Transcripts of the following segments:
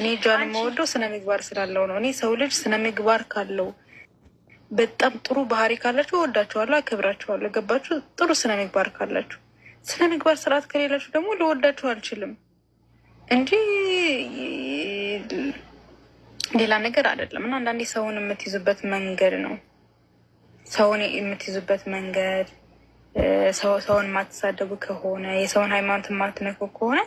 እኔ ጃን መወደው ስነ ምግባር ስላለው ነው። እኔ ሰው ልጅ ስነ ምግባር ካለው በጣም ጥሩ ባህሪ ካላችሁ እወዳችኋለሁ፣ አከብራችኋለሁ። ገባችሁ? ጥሩ ስነ ምግባር ካላችሁ፣ ስነ ምግባር ስርዓት ከሌላችሁ ደግሞ ልወዳችሁ አልችልም እንጂ ሌላ ነገር አይደለም። እና አንዳንዴ ሰውን የምትይዙበት መንገድ ነው ሰውን የምትይዙበት መንገድ ሰውን የማትሳደቡ ከሆነ የሰውን ሃይማኖት የማትነኩ ከሆነ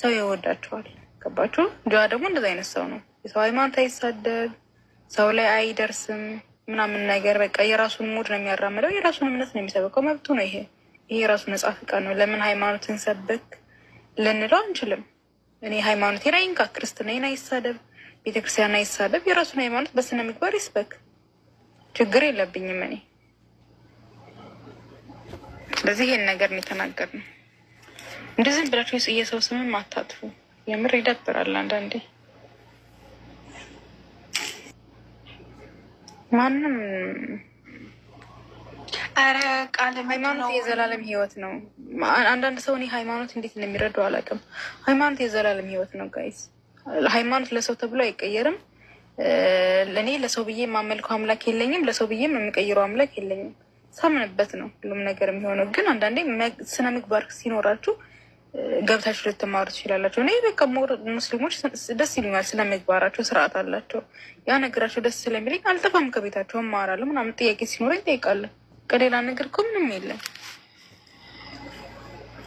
ሰው ይወዳችኋል። ገባችሁ? ጆዋ ደግሞ እንደዚ አይነት ሰው ነው። የሰው ሃይማኖት አይሳደብ፣ ሰው ላይ አይደርስም ምናምን ነገር በቃ የራሱን ሙድ ነው የሚያራምደው፣ የራሱን እምነት ነው የሚሰብከው። መብቱ ነው። ይሄ ይሄ የራሱ ነጻ ፍቃድ ነው። ለምን ሃይማኖትን ሰበክ ልንለው አንችልም። እኔ ሃይማኖቴን አይንካ፣ ክርስትናዬን አይሳደብ፣ ቤተክርስቲያን አይሳደብ፣ የራሱን ሃይማኖት በስነ ምግባር ይስበክ። ችግር የለብኝም እኔ። ስለዚህ ይሄን ነገር ነው የተናገርነው። እንደዚህም ብላችሁ የሰው ስምም አታጥፉ። የምር ይደብራል አንዳንዴ። ማንም ኧረ ቃል ሃይማኖት የዘላለም ህይወት ነው። አንዳንድ ሰው እኔ ሃይማኖት እንዴት እንደሚረዳው አላውቅም። ሃይማኖት የዘላለም ህይወት ነው ጋይስ። ሃይማኖት ለሰው ተብሎ አይቀየርም። እኔ ለሰው ብዬ የማመልከው አምላክ የለኝም። ለሰው ብዬም የምቀይረው አምላክ የለኝም። ሳምንበት ነው ሁሉም ነገር የሚሆነው። ግን አንዳንዴ ስነ ምግባር ሲኖራችሁ ገብታችሁ ልትማሩ ትችላላችሁ። እኔ በቃ ሞር ሙስሊሞች ደስ ይሉኛል ስለምግባራቸው፣ ስርዓት አላቸው። ያ ነገራቸው ደስ ስለሚለኝ አልጠፋም፣ ከቤታቸው እማራለሁ ምናምን። ጥያቄ ሲኖረኝ እጠይቃለሁ። ከሌላ ነገር እኮ ምንም የለም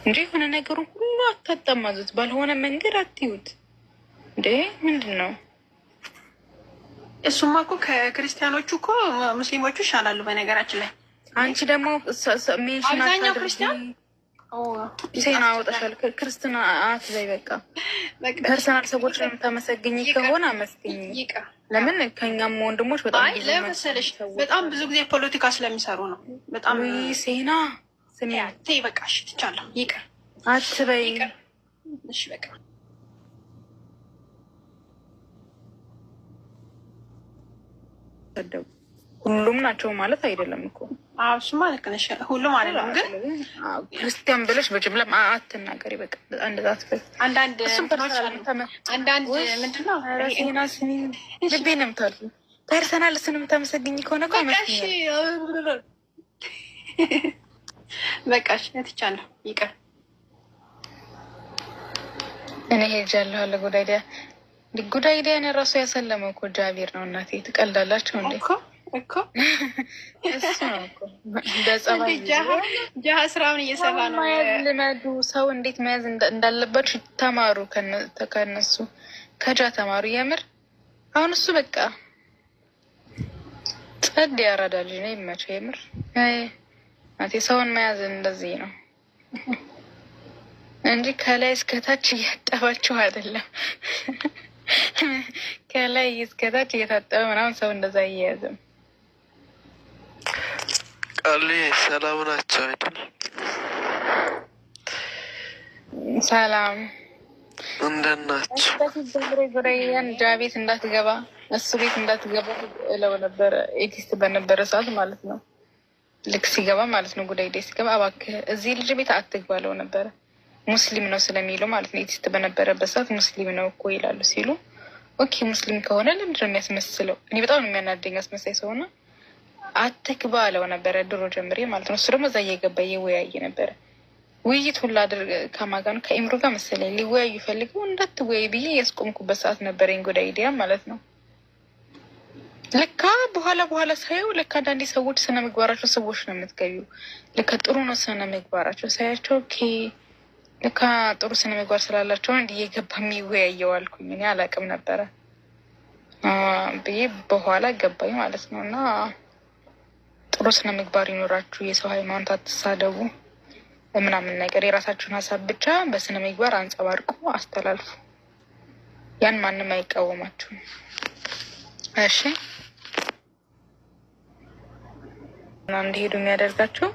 እንጂ የሆነ ነገሩ ሁሉ አታጠማዙት፣ ባልሆነ መንገድ አትዩት። እንዴ ምንድን ነው እሱማ? እኮ ከክርስቲያኖቹ እኮ ሙስሊሞቹ ይሻላሉ። በነገራችን ላይ አንቺ ደግሞ አብዛኛው ክርስቲያን ሴና አወጣሻል። ክርስትና አትበይ። በቃ ፐርሰናል ሰዎች ላይ የምታመሰግኝ ከሆነ አመስግኝ። ለምን ከኛም ወንድሞች በጣም በጣም ብዙ ጊዜ ፖለቲካ ስለሚሰሩ ነው። በጣም ሴና ስሚ፣ በቃ እሺ፣ ትቻለሁ። ይቅር አትበይ። እሺ በቃ ሁሉም ናቸው ማለት አይደለም እኮ እሱማ ልክ ነሽ። ሁሉም አይደለም ግን ክርስቲያን ብለሽ በጅምላ አትናገሪ። በቃ እንደዛ አንዳንድ አንዳንድ ምንድን ነው ልቤን ፐርሰናል የምታመሰግኝ ከሆነ እኮ ይቅር እኔ ሄጃለሁ አለ ጉዳይ ዲያ ጉዳይ ዲያን ራሱ ያሰለመው እኮ ነው። እናቴ ትቀልዳላቸው እንዴ? እኮ ስራውን እየሰራ ነው። መያዝ ልመዱ። ሰው እንዴት መያዝ እንዳለባችሁ ተማሩ። ከነሱ ከጃ ተማሩ። የምር አሁን እሱ በቃ ጸድ ያራዳ ልጅ ነው ይመቸው። የምር ሰውን መያዝ እንደዚህ ነው እንጂ ከላይ እስከታች እያጠባችሁ አይደለም። ከላይ እስከታች እየታጠበ ምናምን ሰው እንደዛ አያያዝም። ቃሌ ሰላም ናቸው አይደል? ሰላም እንደናቸው። ቤት እንዳትገባ እሱ ቤት እንዳትገባ እለው ነበረ። ኤቲስት በነበረ ሰዓት ማለት ነው። ልክ ሲገባ ማለት ነው። ጉዳይ ደስ ሲገባ እባክህ እዚህ ልጅ ቤት አትግባ እለው ነበረ። ሙስሊም ነው ስለሚሉ ማለት ነው። ኤቲስት በነበረበት ሰዓት ሙስሊም ነው እኮ ይላሉ ሲሉ ኦኬ፣ ሙስሊም ከሆነ ነው የሚያስመስለው? እኔ በጣም ነው የሚያናደኝ አስመሳይ ሰውና አትግባ አለው ነበረ ድሮ ጀምሬ ማለት ነው። እሱ ደግሞ እዛ እየገባ እየወያየ ነበረ። ውይይት ሁላ አድርግ ከማጋኑ ከኢምሮ ጋር መሰለኝ ሊወያዩ ፈልገው እንዳትወያይ ብዬ ያስቆምኩበት ሰዓት ነበረኝ። ኢንጎዳ አይዲያ ማለት ነው። ልካ በኋላ በኋላ ሳየው ልካ አንዳንዴ ሰዎች ስነ ምግባራቸው ሰዎች ነው የምትገቢው። ልካ ጥሩ ነው ስነ ምግባራቸው ሳያቸው ልካ ጥሩ ስነ ምግባር ስላላቸው እንዲ እየገባ የሚወያየው አልኩኝ። እኔ አላቅም ነበረ ብዬ በኋላ ገባኝ ማለት ነው እና ጥሩ ስነ ምግባር ይኖራችሁ፣ የሰው ሃይማኖት አትሳደቡ ምናምን ነገር የራሳችሁን ሀሳብ ብቻ በስነ ምግባር አንጸባርቁ፣ አስተላልፉ። ያን ማንም አይቃወማችሁም። እሺ እንዲሄዱ የሚያደርጋቸው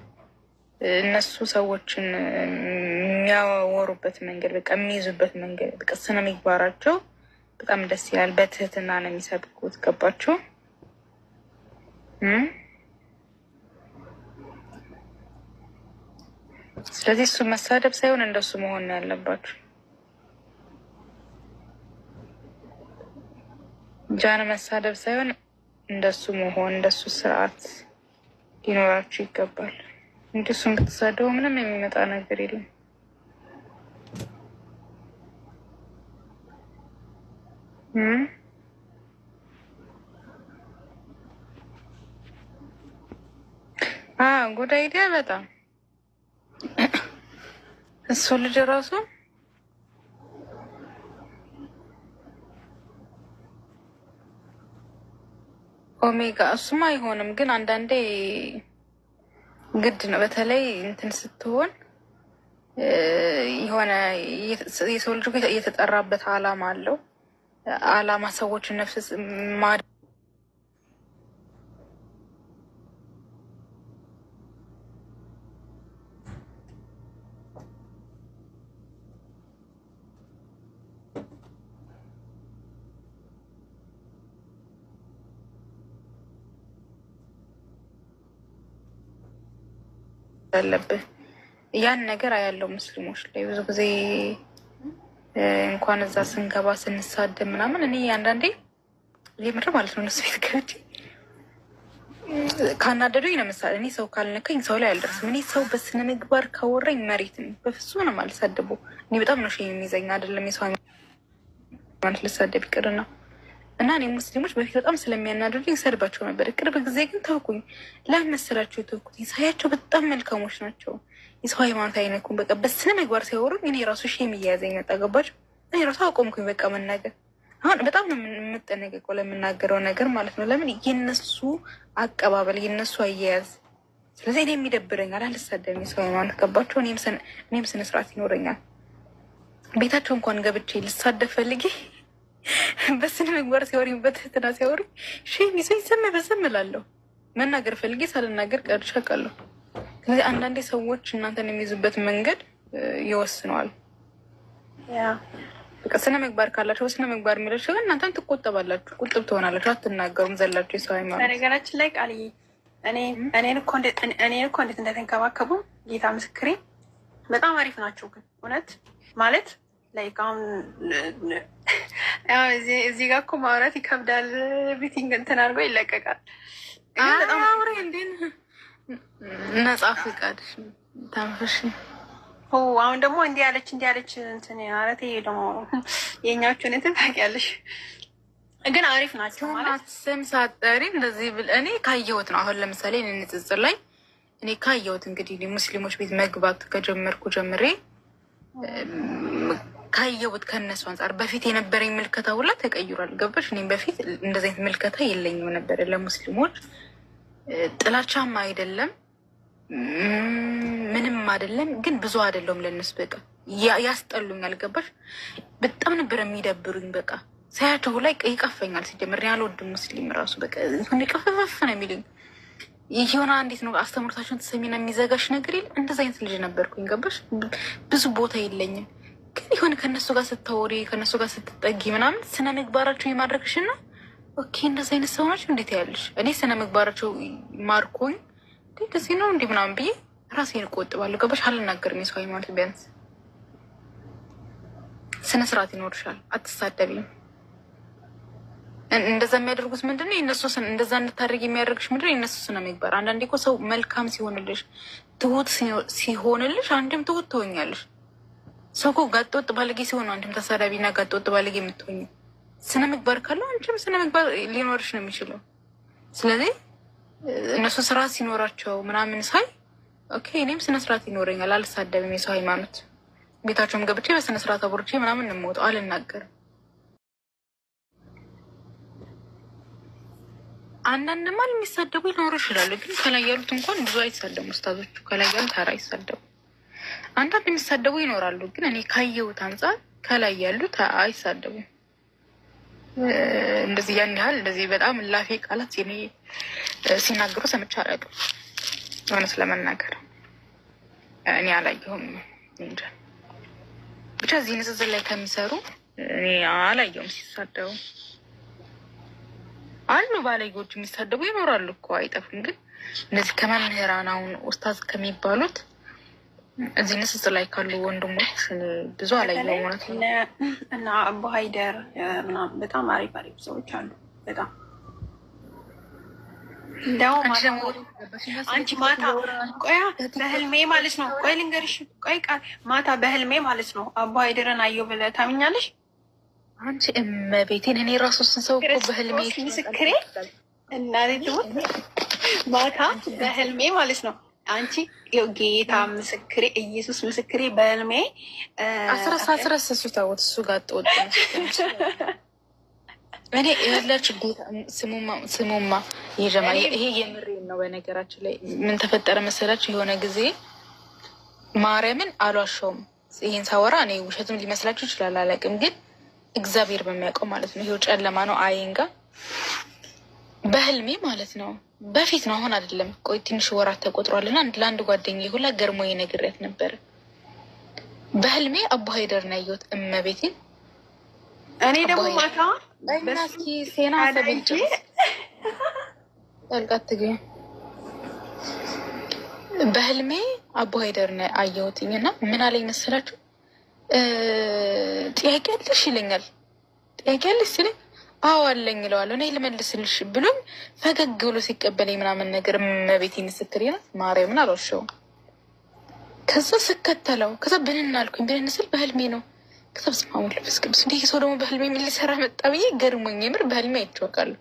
እነሱ ሰዎችን የሚያወሩበት መንገድ በቃ የሚይዙበት መንገድ በቃ ስነ ምግባራቸው በጣም ደስ ይላል። በትህትና ነው የሚሰብኩት። ገባችሁ? ስለዚህ እሱ መሳደብ ሳይሆን እንደሱ መሆን ነው ያለባችሁ። ጃን መሳደብ ሳይሆን እንደሱ መሆን፣ እንደሱ ስርዓት ሊኖራችሁ ይገባል። እንዲ ብትሳደቡ ምንም የሚመጣ ነገር የለም። ጉዳይ ዲያ በጣም እሱ ልጅ ራሱ ኦሜጋ እሱም አይሆንም፣ ግን አንዳንዴ ግድ ነው። በተለይ እንትን ስትሆን የሆነ የሰው ልጅ የተጠራበት አላማ አለው። አላማ ሰዎችን ነፍስ አለብህ። ያን ነገር አያለው ሙስሊሞች ላይ ብዙ ጊዜ እንኳን እዛ ስንገባ ስንሳደብ ምናምን እኔ አንዳንዴ የምር ማለት ነው እነሱ ቤት ገብቼ ካናደዱኝ ለምሳሌ እኔ ሰው ካልነካኝ ሰው ላይ አልደርስም። እኔ ሰው በስነ ምግባር ካወራኝ መሬት ነው። በፍጹም ነው የማልሳደበው። እኔ በጣም ነው ሽ የሚዘኝ አይደለም የሰው ማለት ልሳደብ ይቅርና እና እኔ ሙስሊሞች በፊት በጣም ስለሚያናድዱኝ ሰድባቸው ነበር። ቅርብ ጊዜ ግን ተውኩኝ። ላመሰላቸው የተውኩት ሳያቸው በጣም መልካሞች ናቸው። የሰው ሃይማኖት አይነኩም። በቃ በስነ ምግባር ሲያወሩኝ እኔ ራሱ ሺ የሚያያዘኝ መጣ። ገባችሁ? እኔ ራሱ አቆምኩኝ። በቃ መናገር አሁን በጣም ነው የምጠነቀቀው ለምናገረው ነገር ማለት ነው። ለምን የነሱ አቀባበል የነሱ አያያዝ ስለዚህ እኔ የሚደብረኛል አልሳደም የሰው ሃይማኖት ገባቸው። እኔም ስነስርዓት ይኖረኛል። ቤታቸው እንኳን ገብቼ ልሳደብ ፈልጌ በስነ ምግባር ሲያወሪ በትህትና ሲያወሪ ሼም ይዞ ይዘም በዘም እላለሁ። መናገር ፈልጌ ሳልናገር ቀርቼ አውቃለሁ። ስለዚህ አንዳንዴ ሰዎች እናንተን የሚይዙበት መንገድ ይወስነዋል። ስነ ምግባር ካላቸው በስነ ምግባር የሚለችው እናንተን ትቆጠባላችሁ፣ ቁጥብ ትሆናላችሁ፣ አትናገሩም ዘላችሁ የሰው ሃይማኖት። በነገራችን ላይ ቃልዬ እኔን እኮ እንዴት እንደተንከባከቡ ጌታ ምስክሬ በጣም አሪፍ ናቸው። ግን እውነት ማለት ላይቃም um, እዚህ ጋር እኮ ማውራት ይከብዳል። እንትን አድርጎ ይለቀቃል። አውሬ እንዴት ነጻ ፍቃድ ታንፍሽ። አሁን ደግሞ እንዲህ ያለች እንዲህ ያለች እንትን ማለት ይሄ ደግሞ የእኛዎቹን እንትን ታውቂያለሽ። ግን አሪፍ ናቸው ማለት ስም ሳጠሪ እንደዚህ ብል እኔ ካየሁት ነው። አሁን ለምሳሌ ንጽጽር ላይ እኔ ካየሁት እንግዲህ ሙስሊሞች ቤት መግባት ከጀመርኩ ጀምሬ ካየሁት ከነሱ አንጻር በፊት የነበረኝ ምልከታ ሁላ ተቀይሯል። ገባሽ? እኔም በፊት እንደዚህ አይነት ምልከታ የለኝም ነበረ። ለሙስሊሞች ጥላቻም አይደለም ምንም አይደለም፣ ግን ብዙ አይደለውም ለነሱ በቃ ያስጠሉኛል። ገባሽ? በጣም ነበር የሚደብሩኝ በቃ ሳያቸው ላይ ይቀፈኛል። ሲጀምር ያልወድ ሙስሊም ራሱ በቃ ቀፈፈፍ ነው የሚልኝ የሆነ እንዴት ነው አስተምህሮታቸውን ተሰሚና የሚዘጋሽ ነገር የለ እንደዚ አይነት ልጅ ነበርኩኝ። ገባሽ? ብዙ ቦታ የለኝም። ግን የሆነ ከእነሱ ጋር ስታወሪ ከእነሱ ጋር ስትጠጊ ምናምን ስነ ምግባራቸው የማድረግሽን ነው። ኦኬ እንደዚህ አይነት ሰው ናቸው እንዴት ያለሽ እኔ ስነ ምግባራቸው ማርኮኝ እንደዚህ ነው እንዲህ ምናምን ብዬ ራሴን እቆጥባለሁ። ገባሽ አልናገርም። የሰው ሃይማኖት ቢያንስ ስነ ስርዓት ይኖርሻል። አትሳደቢም። እንደዛ የሚያደርጉት ምንድን ነው? እንደዛ እንድታደርግ የሚያደርግሽ ምንድን ነው? የእነሱ ስነ ምግባር። አንዳንዴ እኮ ሰው መልካም ሲሆንልሽ፣ ትሁት ሲሆንልሽ፣ አንድም ትሁት ትሆኛለሽ። ሰው እኮ ጋጠወጥ ባለጌ ሲሆን ነው አንቺም ተሳዳቢ እና ጋጠወጥ ባለጌ የምትሆኝ። ስነ ምግባር ካለው አንቺም ስነ ምግባር ሊኖርሽ ነው የሚችለው። ስለዚህ እነሱ ስራ ሲኖራቸው ምናምን ሳይ ኦኬ እኔም ስነስርዓት ይኖረኛል። አልሳደብም። የሰው ሃይማኖት ቤታቸውም ገብቼ በስነስርዓት አቦርቼ ምናምን እንመወጠው አልናገርም። አንዳንድ ማል የሚሳደቡ ሊኖሩ ይችላሉ፣ ግን ከላይ ያሉት እንኳን ብዙ አይሳደቡ። ውስታዞቹ ከላይ ያሉት ኧረ አይሳደቡ አንዳንድ የሚሳደቡ ይኖራሉ፣ ግን እኔ ካየሁት አንጻር ከላይ ያሉት አይሳደቡም። እንደዚህ ያን ያህል እንደዚህ በጣም ላፌ ቃላት እኔ ሲናገሩ ሰምቼ አላውቅም። እውነት ለመናገር እኔ አላየሁም እንጂ ብቻ እዚህ ንጽጽር ላይ ከሚሰሩ እኔ አላየሁም ሲሳደቡ። አሉ ባለጌዎች የሚሳደቡ ይኖራሉ እኮ አይጠፉም። ግን እነዚህ ከመምህራን አሁን ኡስታዝ ከሚባሉት እዚህ ንስስ ላይ ካሉ ወንድሞች ብዙ አላየው ማለት ነው። እና አቡ ሀይደር ምናምን በጣም አሪፍ አሪፍ ሰዎች አሉ። በጣም እንደውም አንቺ ማታ ቆያ በህልሜ ማለት ነው። ቆይ ልንገርሽ፣ ቆይ ቃል ማታ በህልሜ ማለት ነው አቡ ሀይደርን አየሁ ብለህ ታምኛለሽ? አንቺ እመቤቴን እኔ ራሱ እሱን ሰው እኮ በህልሜ ምስክሬ እና ማታ በህልሜ ማለት ነው አንቺ ጌታ ምስክሬ ኢየሱስ ምስክሬ በህልሜ አስረሳስረስሱ ታወት እሱ ጋር ጥወጥ እኔ የላች ስሙማ ስሙማ ይጀማ ይሄ የምሬን ነው። በነገራችን ላይ ምን ተፈጠረ መሰላችሁ? የሆነ ጊዜ ማርያምን አሏሸውም። ይህን ሳወራ እኔ ውሸትም ሊመስላችሁ ይችላል አላውቅም፣ ግን እግዚአብሔር በሚያውቀው ማለት ነው። ይሄው ጨለማ ነው አይንጋ በህልሜ ማለት ነው። በፊት ነው አሁን አይደለም። ቆይ ትንሽ ወራት ተቆጥሯልና ለአንድ ጓደኛ ሁላ ገርሞ ነግሬያት ነበር። በህልሜ አቡ ሀይደር ነው ያየሁት እመቤቴን። እኔ ደግሞ ማታ እስኪ ሴና ሰብጭ ጠልቃት ትገኝ በህልሜ አቡ ሀይደር ነው አየሁትኝ እና ምን አለኝ መሰላችሁ ጥያቄ አለሽ ይለኛል። ጥያቄ አለሽ ሲለኝ አዎ አለኝ እለዋለሁ። እኔ ልመልስልሽ ብሎም ፈገግ ብሎ ሲቀበለኝ ምናምን ነገር መቤቴን ስትል ይላል። ማርያምን አልዋሸሁም። ከዛ ስከተለው ከዛ ብንን አልኩኝ። ብንን ስል በህልሜ ነው። ከዛ በስመ አብ ወልድ መንፈስ ቅዱስ እንዲህ ሰው ደግሞ በህልሜ ምን ሊሰራ መጣ ብዬ ገርሞኝ የምር በህልሜ አይቸወቃሉ።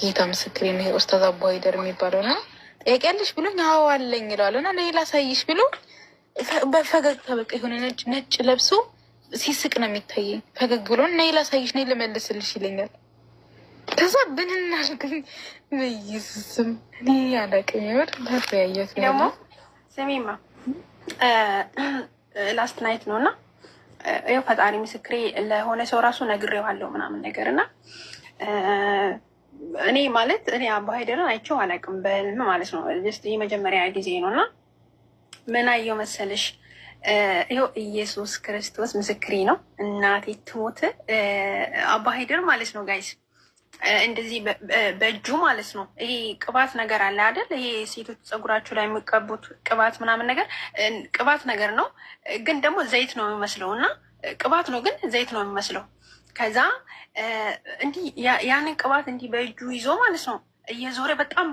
ጌታ ምስክሬ ነው። ይሄ ኡስታዝ አቡ ሀይደር የሚባለው ነው። ጠያቄያለሽ ያለሽ ብሎኝ አዎ አለኝ እለዋለሁ እና ሌላ ሳይሽ ብሎ በፈገግታ በቃ የሆነ ነጭ ነጭ ለብሶ ሲስቅ ነው የሚታየኝ። ፈገግ ብሎ እና ላሳይሽ ነይ ልመልስልሽ ይለኛል። ከዛ ብንና አልገኝ በኢየሱስም እኔ አላውቅም። የምር ታያየት ደግሞ ስሚማ ላስት ናይት ነው እና ያው ፈጣሪ ምስክሬ ለሆነ ሰው ራሱ ነግሬዋለሁ ምናምን ነገር እና እኔ ማለት እኔ አባሃይደርን አይቼው አላውቅም በህልም ማለት ነው። ስ የመጀመሪያ ጊዜ ነው እና ምን አየሁ መሰለሽ ይኸው ኢየሱስ ክርስቶስ ምስክሬ ነው። እናቴ ትሞት አባ ሄደር ማለት ነው ጋይስ እንደዚህ በእጁ ማለት ነው። ይሄ ቅባት ነገር አለ አይደል? ይሄ ሴቶች ፀጉራቸው ላይ የሚቀቡት ቅባት ምናምን ነገር ቅባት ነገር ነው፣ ግን ደግሞ ዘይት ነው የሚመስለው እና ቅባት ነው፣ ግን ዘይት ነው የሚመስለው። ከዛ እንዲህ ያንን ቅባት እንዲህ በእጁ ይዞ ማለት ነው እየዞረ በጣም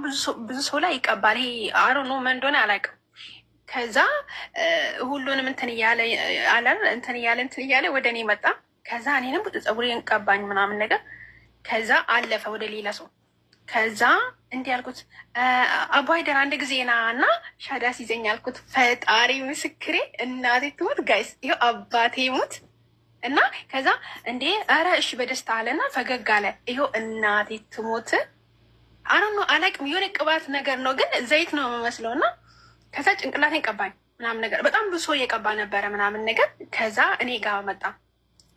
ብዙ ሰው ላይ ይቀባል። ይሄ አሮ ነው ምን አላውቅም። ከዛ ሁሉንም እንትን እያለ አላል እንትን እያለ እንትን እያለ ወደ እኔ መጣ። ከዛ እኔንም ፀጉሬን ቀባኝ ምናምን ነገር። ከዛ አለፈ ወደ ሌላ ሰው። ከዛ እንዲህ አልኩት፣ አቧይደር አንድ ጊዜ ና እና ሻዳ ሲዘኝ አልኩት። ፈጣሪ ምስክሬ፣ እናቴ ትሙት ጋይስ፣ ይኸው አባቴ ሙት እና ከዛ እንዴ ኧረ እሺ በደስታ አለና ፈገግ አለ። ይኸው እናቴ ትሙት አረ ነው አላቅም፣ የሆነ ቅባት ነገር ነው ግን ዘይት ነው የምመስለው እና ከዛ ጭንቅላቴን ቀባኝ ምናምን ነገር በጣም ብሶ እየቀባ ነበረ ምናምን ነገር። ከዛ እኔ ጋር መጣ።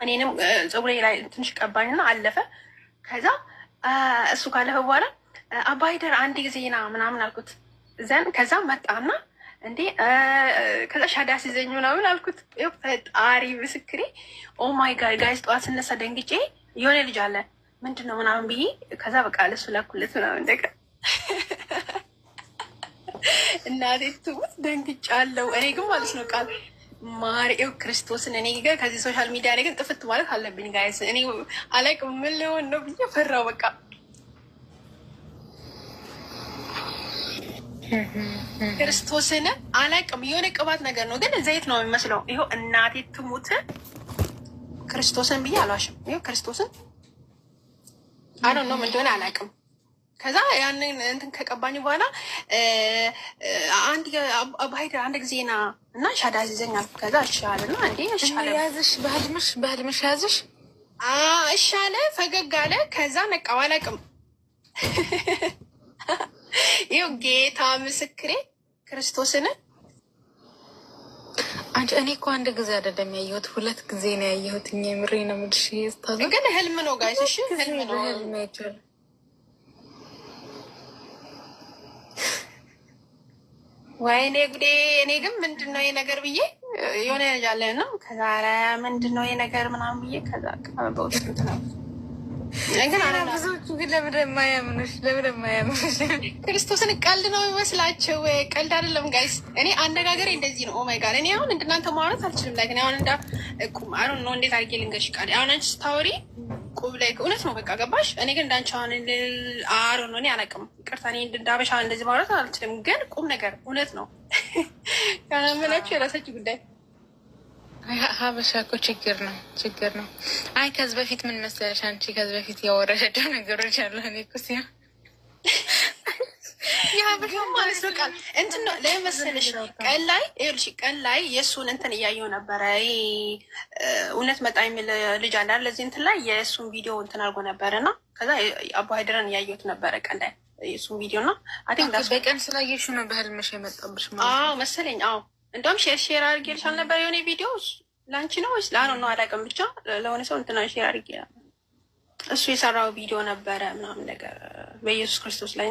እኔንም ፀጉሬ ላይ ትንሽ ቀባኝና አለፈ። ከዛ እሱ ካለፈ በኋላ አባይደር አንድ ጊዜ ና ምናምን አልኩት። ዘን ከዛ መጣና እንዴ ከዛ ሻዳ ሲዘኝ ምናምን አልኩት። ፈጣሪ ምስክሬ ኦማይ ጋድ ጋይስ፣ ጠዋት ስነሳ ደንግጬ የሆነ ልጅ አለ ምንድን ነው ምናምን ብዬ ከዛ በቃ ለሱ ላኩለት ምናምን ነገር እናቴ ትሙት ደንግጫለሁ። እኔ ግን ማለት ነው ቃል ማርኤው ክርስቶስን እኔ ግን ከዚህ ሶሻል ሚዲያ እኔ ግን ጥፍት ማለት አለብኝ ጋይስ። እኔ አላቅ ምን ሊሆን ነው ብዬ ፈራው። በቃ ክርስቶስን አላቅም። የሆነ ቅባት ነገር ነው ግን ዘይት ነው የሚመስለው። ይኸው እናቴ ትሙት ክርስቶስን ብዬ አሏሽም። ይኸው ክርስቶስን አይ ዶንት ኖ ምን እንደሆነ አላቅም ከዛ ያንን እንትን ከቀባኝ በኋላ አንድ ባህድ አንድ ጊዜና እና ሻዳ አዘዘኝ ከዛ እሻል ና እንዴ ያዝሽ በህልምሽ በህልምሽ ያዝሽ እሻለ ፈገግ አለ። ከዛ ነቃ አላቅም። ይኸው ጌታ ምስክሬ ክርስቶስን አንቺ እኔ እኮ አንድ ጊዜ አይደለም ያየሁት፣ ሁለት ጊዜ ነው ያየሁት። እኛ የምሬ ነው የምልሽ። ግን ህልም ነው ጋይሽ፣ ህልም ነው ህልም ወይኔ ጉዴ! እኔ ግን ምንድን ነው ነገር ብዬ የሆነ ያለ ነው። ከዛ ኧረ ምንድን ነው ነገር ምናምን ብዬ ከዛ በውስጥ ብዙዎቹ ግን ለምን የማያምኑሽ ለምን የማያምኑሽ ክርስቶስን ቀልድ ነው ይመስላቸው። ቀልድ አይደለም ጋይስ። እኔ አነጋገሬ እንደዚህ ነው። ኦማይ oh ጋር እኔ አሁን እንደናንተ ማውራት አልችልም። ላይ ግን አሁን እንዳ ቁም አሁን ነው እንዴት አድርጌ ልንገሽ ቃል አሁን አንቺ ስታወሪ ቁብ ላይ እውነት ነው በቃ ገባሽ። እኔ ግን እንዳንቺ አሁን አሮ ነው እኔ አላውቅም፣ ይቅርታ እኔ እንዳበሻ እንደዚህ ማውራት አልችልም። ግን ቁም ነገር እውነት ነው ከመላችሁ የራሳችሁ ጉዳይ። ሀበሻ እኮ ችግር ነው ችግር ነው። አይ ከዚህ በፊት ምን መሰለሽ አንቺ ከዚህ በፊት ያወረደደው ነገሮች አለ እኔ እኮ ሲሆን ነው ቀን ላይ ይኸውልሽ፣ የእሱን እንትን እያየው ነበረ። እውነት መጣ የሚል ልጅ አለ ለዚህ እንትን ላይ የእሱን ቪዲዮ እንትን አድርጎ ነበር እና ከዛ አቡ ሀይደረን እያየሁት ነበረ ቀን ላይ የእሱን ቪዲዮ እና በቀን ነው በህልምሽ የመጣብሽ መሰለኝ። አዎ እንደውም ሼር ሼር አድርጌልሽ አልነበረ የሆነ ቪዲዮ ለአንቺ ነው ወይስ ለአሮ ነው አላውቅም። ብቻ ለሆነ ሰው እንትና ሼር አድርጌ እሱ የሰራው ቪዲዮ ነበረ ምናምን ነገር በኢየሱስ ክርስቶስ ላይ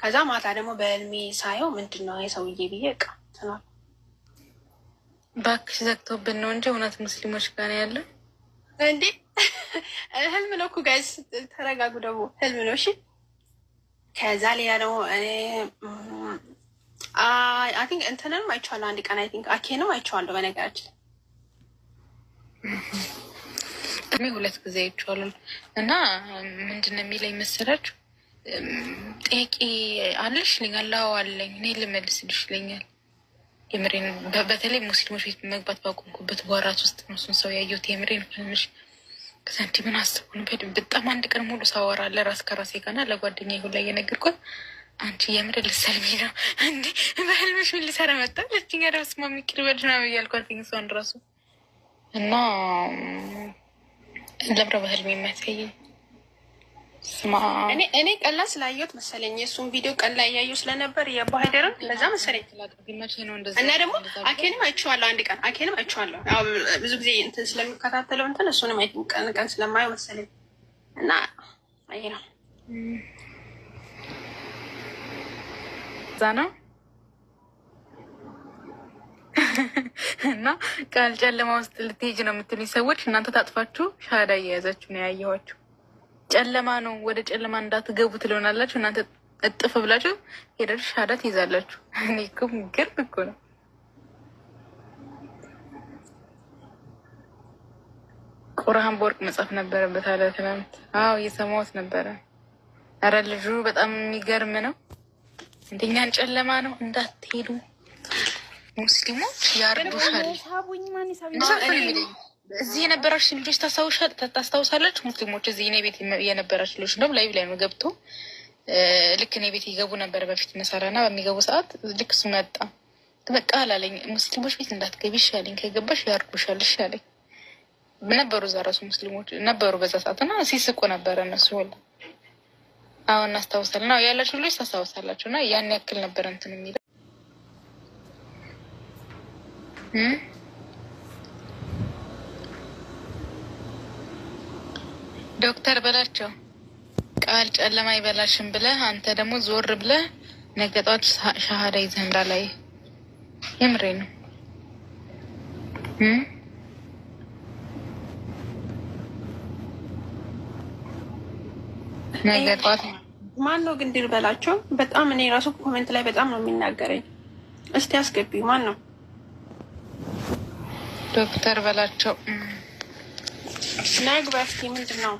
ከዛ ማታ ደግሞ በህልሜ ሳየው ምንድን ነው የሰውዬ ብዬ እቃ ትናል እባክሽ ዘግቶብን ነው እንጂ እውነት ሙስሊሞች ጋር ነው ያለው እንዴ? ህልም ነው እኮ ጋይስ፣ ተረጋጉ። ደግሞ ህልም ነው እሺ። ከዛ ሌላ ደግሞ አይ ቲንክ እንትንንም አይቼዋለሁ አንድ ቀን አይ ቲንክ አኬንም አይቼዋለሁ። በነገራችን እኔ ሁለት ጊዜ አይቼዋለሁ እና ምንድን ነው የሚለኝ መሰላችሁ ጥያቄ አለሽ ልኛል። አዎ አለኝ። እኔ ልመልስልሽ ይለኛል። የምሬን በተለይ ሙስሊሞች ቤት መግባት ባቆምኩበት ወራት ውስጥ ነው እሱን ሰው ያየሁት። የምሬን ምሽ ከዛንዲ ምን አስቡ ነበር። በጣም አንድ ቀን ሙሉ ሳወራ ራስ ከራሴ ጋና ለጓደኛ ይሁን ላይ የነገርኳት አንቺ የምር ልሰልሚ ነው እንዲ በህልምሽ ምን ልሰራ መጣ ለችኛ ደስ ማሚቅር በድና እያልኳት ሰውን ራሱ እና ለምረ በህልም የማያሳየኝ እኔ ቀን ላይ ስላየሁት መሰለኝ የእሱን ቪዲዮ ቀላ ላይ እያየሁ ስለነበር የባህደርን ለዛ መሰለኝ እና ደግሞ አኬንም አይቼዋለሁ። አንድ ቀን አኬንም አይቼዋለሁ። ብዙ ጊዜ እንትን ስለሚከታተለው እንትን እሱንም ቀን ቀን ስለማየው መሰለኝ እና ይሄ ነው እዛ ነው እና ቃል ጨለማ ውስጥ ልትሄጅ ነው የምትሉኝ ሰዎች እናንተ ታጥፋችሁ ሻዳ እየያዛችሁ ነው ያየኋችሁ። ጨለማ ነው፣ ወደ ጨለማ እንዳትገቡ ትለሆናላችሁ እናንተ እጥፍ ብላችሁ ሄደር ሻዳ ትይዛላችሁ። እኔ እኮ ግርም እኮ ነው። ቁርሃን በወርቅ መጻፍ ነበረበት አለ ትናንት። አዎ እየሰማሁት ነበረ። ኧረ ልጁ በጣም የሚገርም ነው። እንደኛን ጨለማ ነው እንዳትሄዱ ሙስሊሞች ያርዱሻል። እዚህ የነበራች ልጆች ታስታውሳለች። ሙስሊሞች እዚህ እኔ ቤት የነበራች ልጆች እንደውም ላይቭ ላይ ነው ገብቶ ልክ እኔ ቤት ይገቡ ነበር በፊት መሳሪያ እና በሚገቡ ሰዓት ልክ እሱ መጣ። በቃ አላለኝ ሙስሊሞች ቤት እንዳትገቢ ይሻለኝ፣ ከገባሽ ያርጉሻል ይሻለኝ ነበሩ። እዛ ራሱ ሙስሊሞች ነበሩ በዛ ሰዓት እና ሲስቁ ነበረ እነሱ ወላ አሁን እናስታውሳለን ነው ያላችሁ ልጆች ታስታውሳላችሁ። እና ያን ያክል ነበረ እንትን የሚለው ዶክተር በላቸው ቃል ጨለማ አይበላሽም ብለ አንተ ደግሞ ዞር ብለ ነገ ሻሃዳ ይዘህ እንዳላይ። የምሬ ነው። ነገ ማን ነው ግን ድል በላቸው? በጣም እኔ ራሱ ኮሜንት ላይ በጣም ነው የሚናገረኝ። እስቲ አስገቢ ማን ነው ዶክተር በላቸው ነግ በፊት ምንድን ነው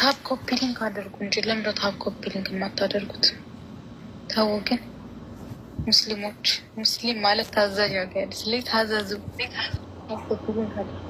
ታብ ኮፒ ሊንክ አደርጉ እንጂ ለምደ ታብ ኮፒ ሊንክ የማታደርጉት ታው ግን ሙስሊሞች ሙስሊም ማለት ታዛዥ ያገ ስለዚህ ታዘዙ ኮፒ ሊንክ አደርጉ